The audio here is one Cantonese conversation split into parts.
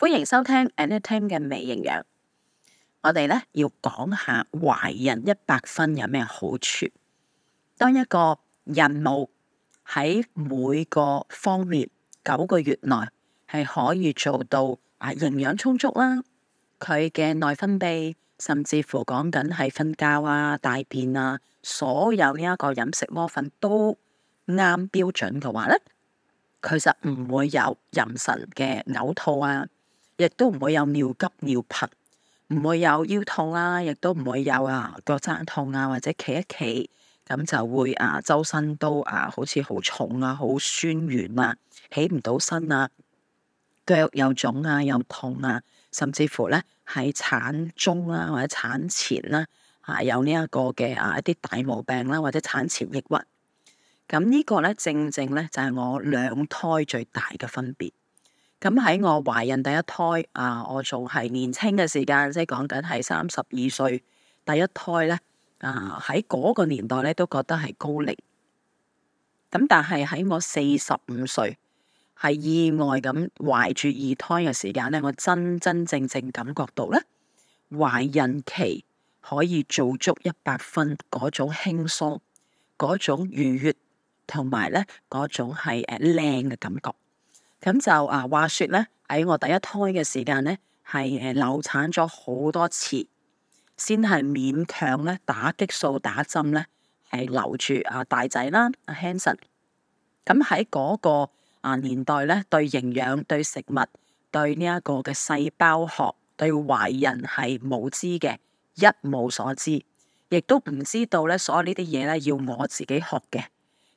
歡迎收聽 Annette Tam 嘅微營養。我哋咧要講下懷孕一百分有咩好處？當一個孕婦喺每個方面九個月內係可以做到啊營養充足啦，佢嘅內分泌甚至乎講緊係瞓覺啊、大便啊，所有呢一個飲食魔粉都啱標準嘅話咧，佢就唔會有妊娠嘅嘔吐啊。亦都唔會有尿急尿頻，唔會有腰痛啊，亦都唔會有啊，腳踭痛啊，或者企一企咁就會啊，周身都啊，好似好重啊，好酸軟啊，起唔到身啊，腳又腫啊又痛啊，甚至乎咧喺產中啊，或者產前啦啊,啊有呢一個嘅啊一啲大毛病啦、啊、或者產前抑鬱，咁呢個咧正正咧就係我兩胎最大嘅分別。咁喺我懷孕第一胎啊，我仲係年輕嘅時間，即係講緊係三十二歲第一胎呢。啊！喺嗰個年代呢，都覺得係高齡，咁但係喺我四十五歲係意外咁懷住二胎嘅時間，呢我真真正正感覺到呢懷孕期可以做足一百分嗰種輕鬆、嗰種愉悅同埋呢嗰種係誒靚嘅感覺。咁就啊，話説咧喺我第一胎嘅時間咧，係誒流產咗好多次，先係勉強咧打激素打針咧，係留住大啊大仔啦，阿 Hanson。咁喺嗰個啊年代咧，對營養、對食物、對呢一個嘅細胞學、對懷孕係無知嘅，一無所知，亦都唔知道咧，所有呢啲嘢咧要我自己學嘅。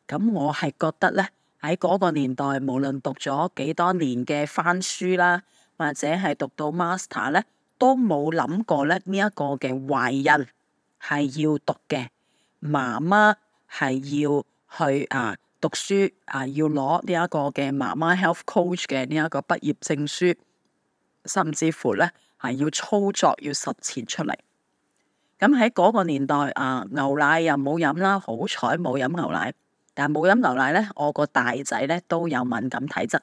咁我係覺得咧。喺嗰個年代，無論讀咗幾多年嘅翻書啦，或者係讀到 master 咧，都冇諗過咧呢一個嘅懷孕係要讀嘅。媽媽係要去啊讀書啊，要攞呢一個嘅媽媽 health coach 嘅呢一個畢業證書，甚至乎咧係要操作要實踐出嚟。咁喺嗰個年代啊，牛奶又冇飲啦，好彩冇飲牛奶。但冇飲牛奶咧，我個大仔咧都有敏感體質。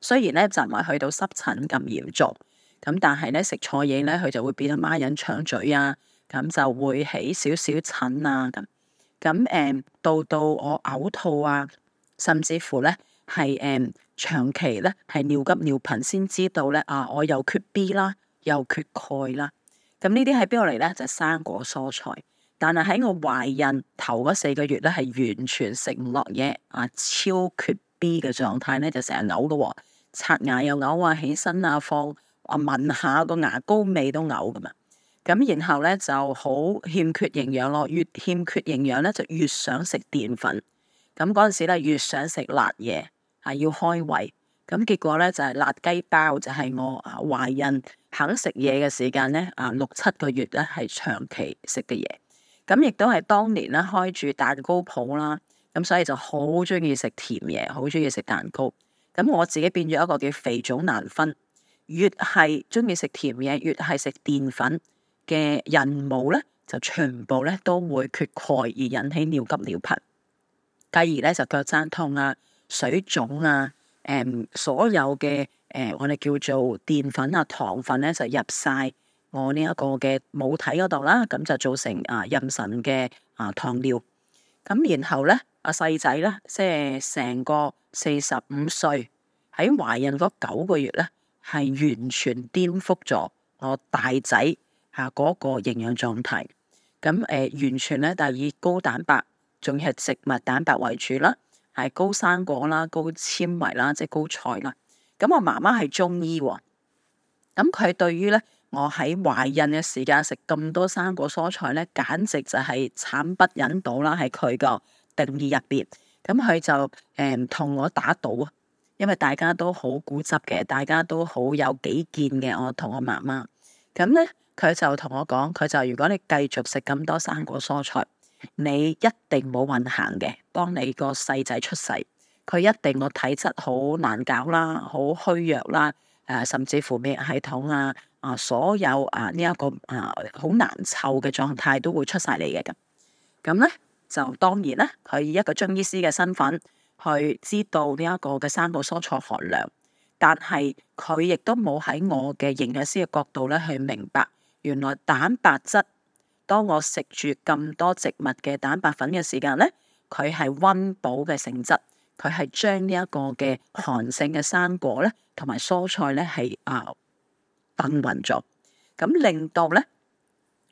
雖然咧就唔係去到濕疹咁嚴重，咁但係咧食錯嘢咧佢就會變孖人腸嘴啊，咁就會起少少疹啊咁。咁誒到到我嘔吐啊，甚至乎咧係誒長期咧係尿急尿頻先知道咧啊！我又缺 B 啦，又缺鈣啦。咁呢啲喺邊度嚟咧？就係生果蔬菜。但係喺我懷孕頭嗰四個月咧，係完全食唔落嘢，啊超缺 B 嘅狀態咧，就成日嘔咯，刷牙又嘔啊，起身啊放啊聞下個牙膏味都嘔咁啊。咁然後咧就好欠缺營養咯，啊，越欠缺營養咧就越想食澱粉。咁嗰陣時咧越想食辣嘢，啊要開胃。咁結果咧就係辣雞包就係我啊懷孕肯食嘢嘅時間咧，啊六七個月咧係長期食嘅嘢。咁亦都係當年咧開住蛋糕鋪啦，咁所以就好中意食甜嘢，好中意食蛋糕。咁我自己變咗一個叫肥腫難分，越係中意食甜嘢，越係食澱粉嘅人母咧，就全部咧都會缺鈣而引起尿急尿頻，繼而咧就腳踭痛啊、水腫啊，誒、嗯，所有嘅誒、嗯，我哋叫做澱粉啊、糖分咧就入晒。我呢一個嘅母體嗰度啦，咁就造成啊妊娠嘅啊糖尿。咁然後咧，阿細仔咧，即係成個四十五歲喺懷孕嗰九個月咧，係完全顛覆咗我大仔吓嗰個營養狀態。咁、嗯、誒、呃，完全咧就以高蛋白，仲係植物蛋白為主啦，係高生果啦，高纖維啦，即係高菜啦。咁、嗯、我媽媽係中醫、哦，咁、嗯、佢對於咧。我喺懷孕嘅時間食咁多生果蔬菜呢，簡直就係慘不忍睹啦！喺佢個定義入邊，咁佢就誒同、嗯、我打賭啊，因為大家都好固執嘅，大家都好有己見嘅。我同我媽媽咁呢，佢就同我講，佢就如果你繼續食咁多生果蔬菜，你一定冇運行嘅，當你個細仔出世，佢一定個體質好難搞啦，好虛弱啦，誒、呃，甚至乎咩系統啊～啊！所有啊呢一個啊好難臭嘅狀態都會出晒嚟嘅。咁，咁咧就當然啦，佢以一個中醫師嘅身份，去知道呢一個嘅生果蔬菜寒涼，但係佢亦都冇喺我嘅營養師嘅角度咧，去明白原來蛋白質，當我食住咁多植物嘅蛋白粉嘅時間咧，佢係溫補嘅性質，佢係將呢一個嘅寒性嘅生果咧，同埋蔬菜咧係啊。瞓暈咗，咁令到咧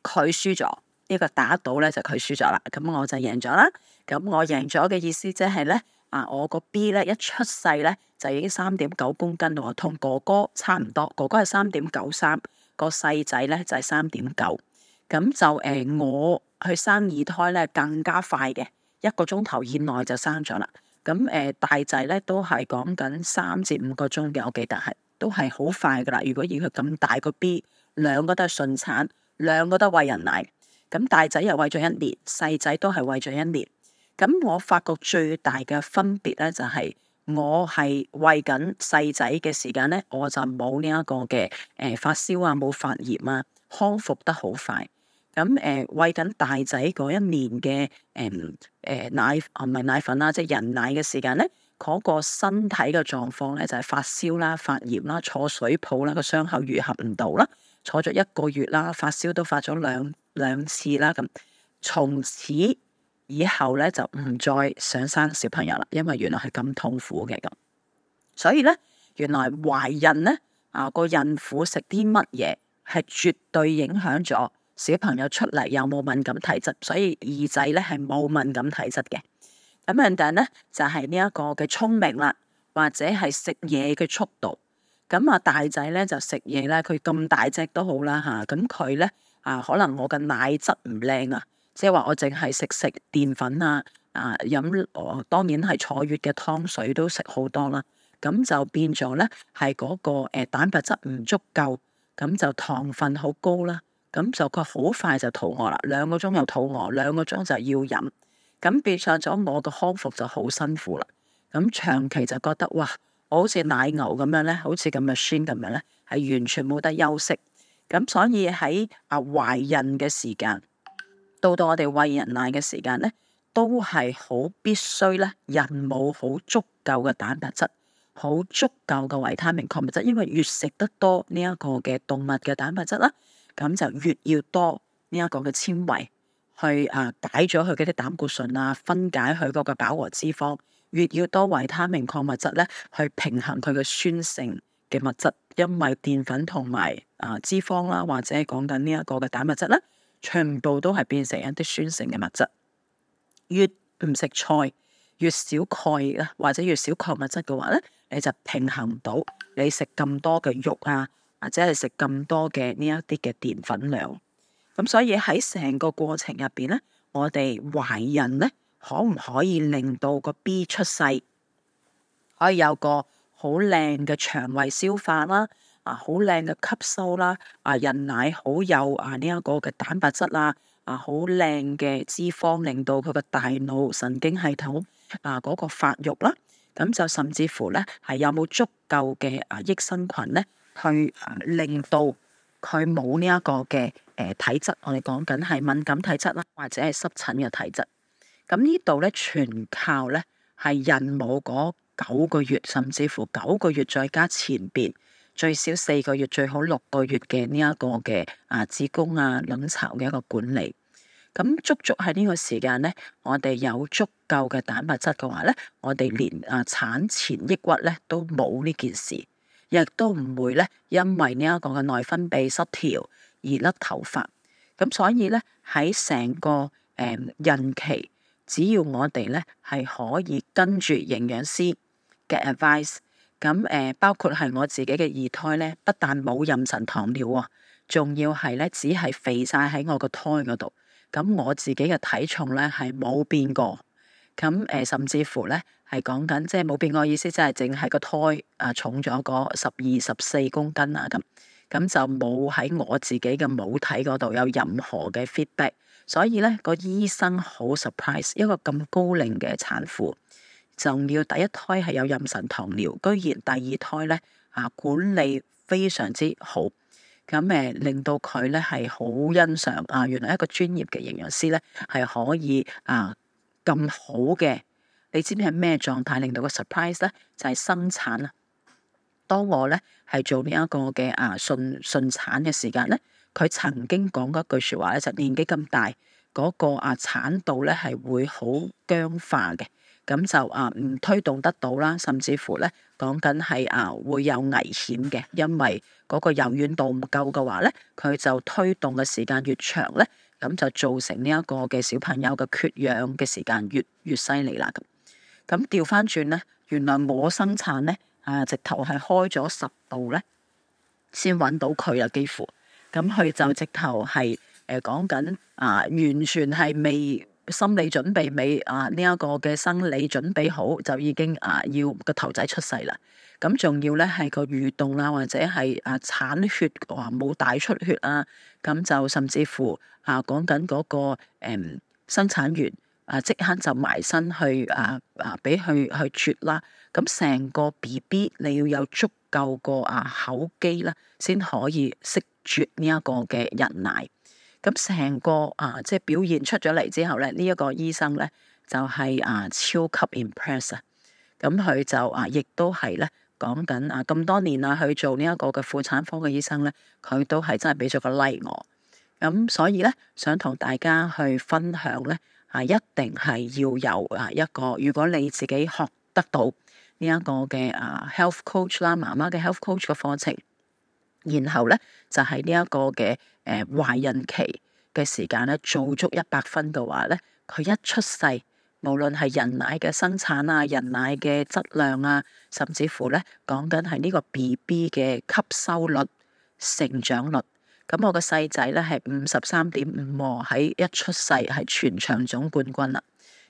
佢輸咗呢個打賭咧就佢輸咗啦，咁我就贏咗啦。咁我贏咗嘅意思即係咧啊，我個 B 咧一出世咧就已經三點九公斤咯，同哥哥差唔多，哥哥係三點九三，個細仔咧就係三點九，咁就誒我去生二胎咧更加快嘅，一個鐘頭以內就生咗啦。咁誒大仔咧都係講緊三至五個鐘嘅，我記得係。都係好快噶啦！如果以佢咁大個 B，兩個都係順產，兩個都喂人奶，咁大仔又喂咗一年，細仔都係喂咗一年。咁我發覺最大嘅分別咧，就係、是、我係喂緊細仔嘅時間咧，我就冇呢一個嘅誒、呃、發燒啊，冇發炎啊，康復得好快。咁誒喂緊大仔嗰一年嘅誒誒奶唔係、啊、奶粉啦、啊，即係人奶嘅時間咧。嗰個身體嘅狀況咧，就係、是、發燒啦、發炎啦、坐水泡啦、個傷口愈合唔到啦，坐咗一個月啦，發燒都發咗兩兩次啦。咁從此以後咧，就唔再想生小朋友啦，因為原來係咁痛苦嘅，咁。所以咧，原來懷孕咧啊，個孕婦食啲乜嘢係絕對影響咗小朋友出嚟有冇敏感體質，所以二仔咧係冇敏感體質嘅。咁樣但咧就係呢一個嘅聰明啦，或者係食嘢嘅速度。咁啊大仔咧就食嘢咧，佢咁大隻都好啦吓，咁佢咧啊，可能我嘅奶質唔靚啊，即係話我淨係食食澱粉啊，啊飲哦當然係坐月嘅湯水都食好多啦。咁就變咗咧係嗰個蛋白質唔足夠，咁就糖分好高啦。咁就佢好快就肚餓啦，兩個鐘又肚餓，兩個鐘就要飲。咁變上咗，我個康復就好辛苦啦。咁長期就覺得哇，我好似奶牛咁樣咧，好似咁嘅酸咁樣咧，係完全冇得休息。咁所以喺啊懷孕嘅時間，到到我哋餵人奶嘅時間咧，都係好必須咧。人冇好足夠嘅蛋白質，好足夠嘅維他命、礦物質，因為越食得多呢一個嘅動物嘅蛋白質啦，咁就越要多呢一個嘅纖維。去啊解咗佢啲膽固醇啊，分解佢嗰個飽和脂肪，越要多維他命礦物質咧，去平衡佢嘅酸性嘅物質，因為澱粉同埋啊脂肪啦，或者講緊呢一個嘅蛋白質啦，全部都係變成一啲酸性嘅物質。越唔食菜，越少鈣啊，或者越少礦物質嘅話咧，你就平衡唔到。你食咁多嘅肉啊，或者係食咁多嘅呢一啲嘅澱粉量。咁所以喺成個過程入邊咧，我哋懷孕咧，可唔可以令到個 B 出世，可以有個好靚嘅腸胃消化啦，啊好靚嘅吸收啦，啊人奶好有啊呢一、這個嘅蛋白質啊，啊好靚嘅脂肪，令到佢個大腦神經系統啊嗰、那個發育啦，咁、啊、就甚至乎咧係有冇足夠嘅啊益生菌咧，去、啊、令到。佢冇呢一個嘅誒體質，我哋講緊係敏感體質啦，或者係濕疹嘅體質。咁呢度咧，全靠咧係孕母嗰九個月，甚至乎九個月再加前邊最少四個月，最好六個月嘅呢一個嘅啊子宮啊卵巢嘅一個管理。咁足足喺呢個時間咧，我哋有足夠嘅蛋白質嘅話咧，我哋連啊產前抑鬱咧都冇呢件事。亦都唔會咧，因為呢一個嘅內分泌失調而甩頭髮。咁所以咧，喺成個誒孕、呃、期，只要我哋咧係可以跟住營養師嘅 advice，咁誒、呃、包括係我自己嘅二胎咧，不但冇妊娠糖尿喎，仲要係咧只係肥晒喺我個胎嗰度，咁我自己嘅體重咧係冇變過。咁誒，甚至乎咧，係講緊即係冇變過意思，即係淨係個胎啊重咗個十二十四公斤啊咁，咁就冇喺我自己嘅母體嗰度有任何嘅 feedback，所以咧個醫生好 surprise，一個咁高齡嘅產婦，仲要第一胎係有妊娠糖尿，居然第二胎咧啊管理非常之好，咁誒令到佢咧係好欣賞啊，原來一個專業嘅營養師咧係可以啊～咁好嘅，你知唔知係咩狀態令到個 surprise 咧？就係、是、生產啊！當我咧係做呢一個嘅啊順順產嘅時間咧，佢曾經講過一句說話咧，就年紀咁大嗰、那個啊產道咧係會好僵化嘅，咁就啊唔推動得到啦，甚至乎咧講緊係啊會有危險嘅，因為嗰個柔軟度唔夠嘅話咧，佢就推動嘅時間越長咧。咁就造成呢一個嘅小朋友嘅缺氧嘅時間越越犀利啦。咁咁調翻轉呢，原來我生產呢，啊直頭係開咗十度呢，先揾到佢啦，幾乎。咁佢就直頭係誒講緊啊，完全係未。心理準備未，啊，呢、這、一個嘅生理準備好就已經啊，要個頭仔出世啦。咁、啊、仲要咧係個蠕動啦，或者係啊產血啊冇大出血啊。咁就甚至乎啊講緊嗰個、嗯、生產員啊即刻就埋身去啊啊俾佢去去啜啦。咁、啊、成、啊、個 B B 你要有足夠個啊口肌啦，先可以識啜呢一個嘅人奶。咁成個啊，即係表現出咗嚟之後咧，呢一個醫生咧就係啊超級 impress 啊，咁佢就啊亦都係咧講緊啊咁多年啊去做呢一個嘅婦產科嘅醫生咧，佢都係真係俾咗個 like 我。咁所以咧，想同大家去分享咧，啊一定係要有啊一個，如果你自己學得到呢一個嘅啊 health coach 啦，媽媽嘅 health coach 嘅課程，然後咧就係呢一個嘅。誒、呃、懷孕期嘅時間咧，做足一百分嘅話咧，佢一出世，無論係人奶嘅生產啊、人奶嘅質量啊，甚至乎咧講緊係呢個 BB 嘅吸收率、成長率。咁我個細仔咧係五十三點五喎，喺一出世係全場總冠軍啦、啊，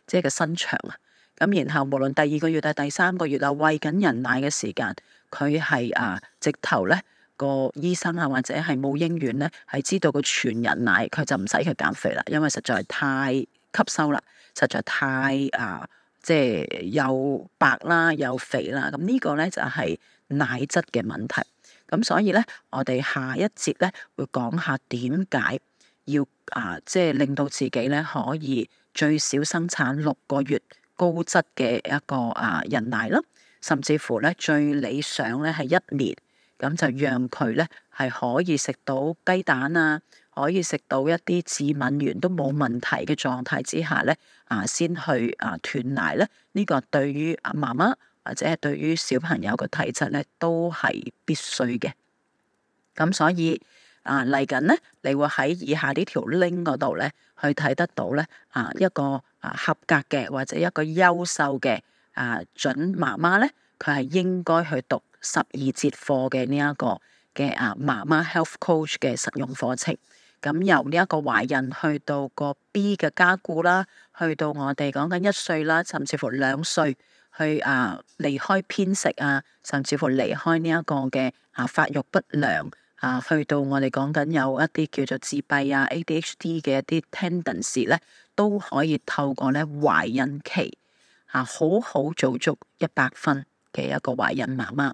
即係個身長啊。咁然後無論第二個月啊、定係第三個月啊、呃，餵緊人奶嘅時間，佢係啊直頭咧。個醫生啊，或者係母嬰院咧，係知道個全人奶，佢就唔使佢減肥啦，因為實在太吸收啦，實在太啊，即係又白啦，又肥啦，咁、這個、呢個咧就係、是、奶質嘅問題。咁所以咧，我哋下一節咧會講下點解要啊，即係令到自己咧可以最少生產六個月高質嘅一個啊人奶啦，甚至乎咧最理想咧係一年。咁就讓佢咧係可以食到雞蛋啊，可以食到一啲致敏原都冇問題嘅狀態之下咧，啊，先去啊斷奶咧。呢個對於阿媽媽或者係對於小朋友個體質咧，都係必須嘅。咁所以啊，嚟緊咧，你會喺以下呢條 link 嗰度咧，去睇得到咧啊，一個啊合格嘅或者一個優秀嘅啊準媽媽咧，佢係應該去讀，十二節課嘅呢一個嘅啊，媽媽 Health Coach 嘅實用課程，咁由呢一個懷孕去到個 B 嘅加固啦，去到我哋講緊一歲啦，甚至乎兩歲去啊離開偏食啊，甚至乎離開呢一個嘅啊發育不良啊，去到我哋講緊有一啲叫做自閉啊、ADHD 嘅一啲 tendency 咧，都可以透過咧懷孕期啊，好好做足一百分嘅一個懷孕媽媽。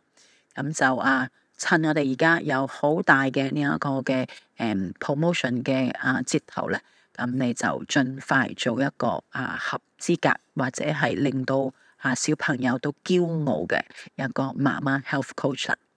咁就啊，趁我哋而家有好大嘅呢一個嘅誒、嗯、promotion 嘅啊折頭咧，咁、啊、你就盡快做一個啊合資格或者係令到啊小朋友都驕傲嘅一個媽媽 health coach 啦、啊。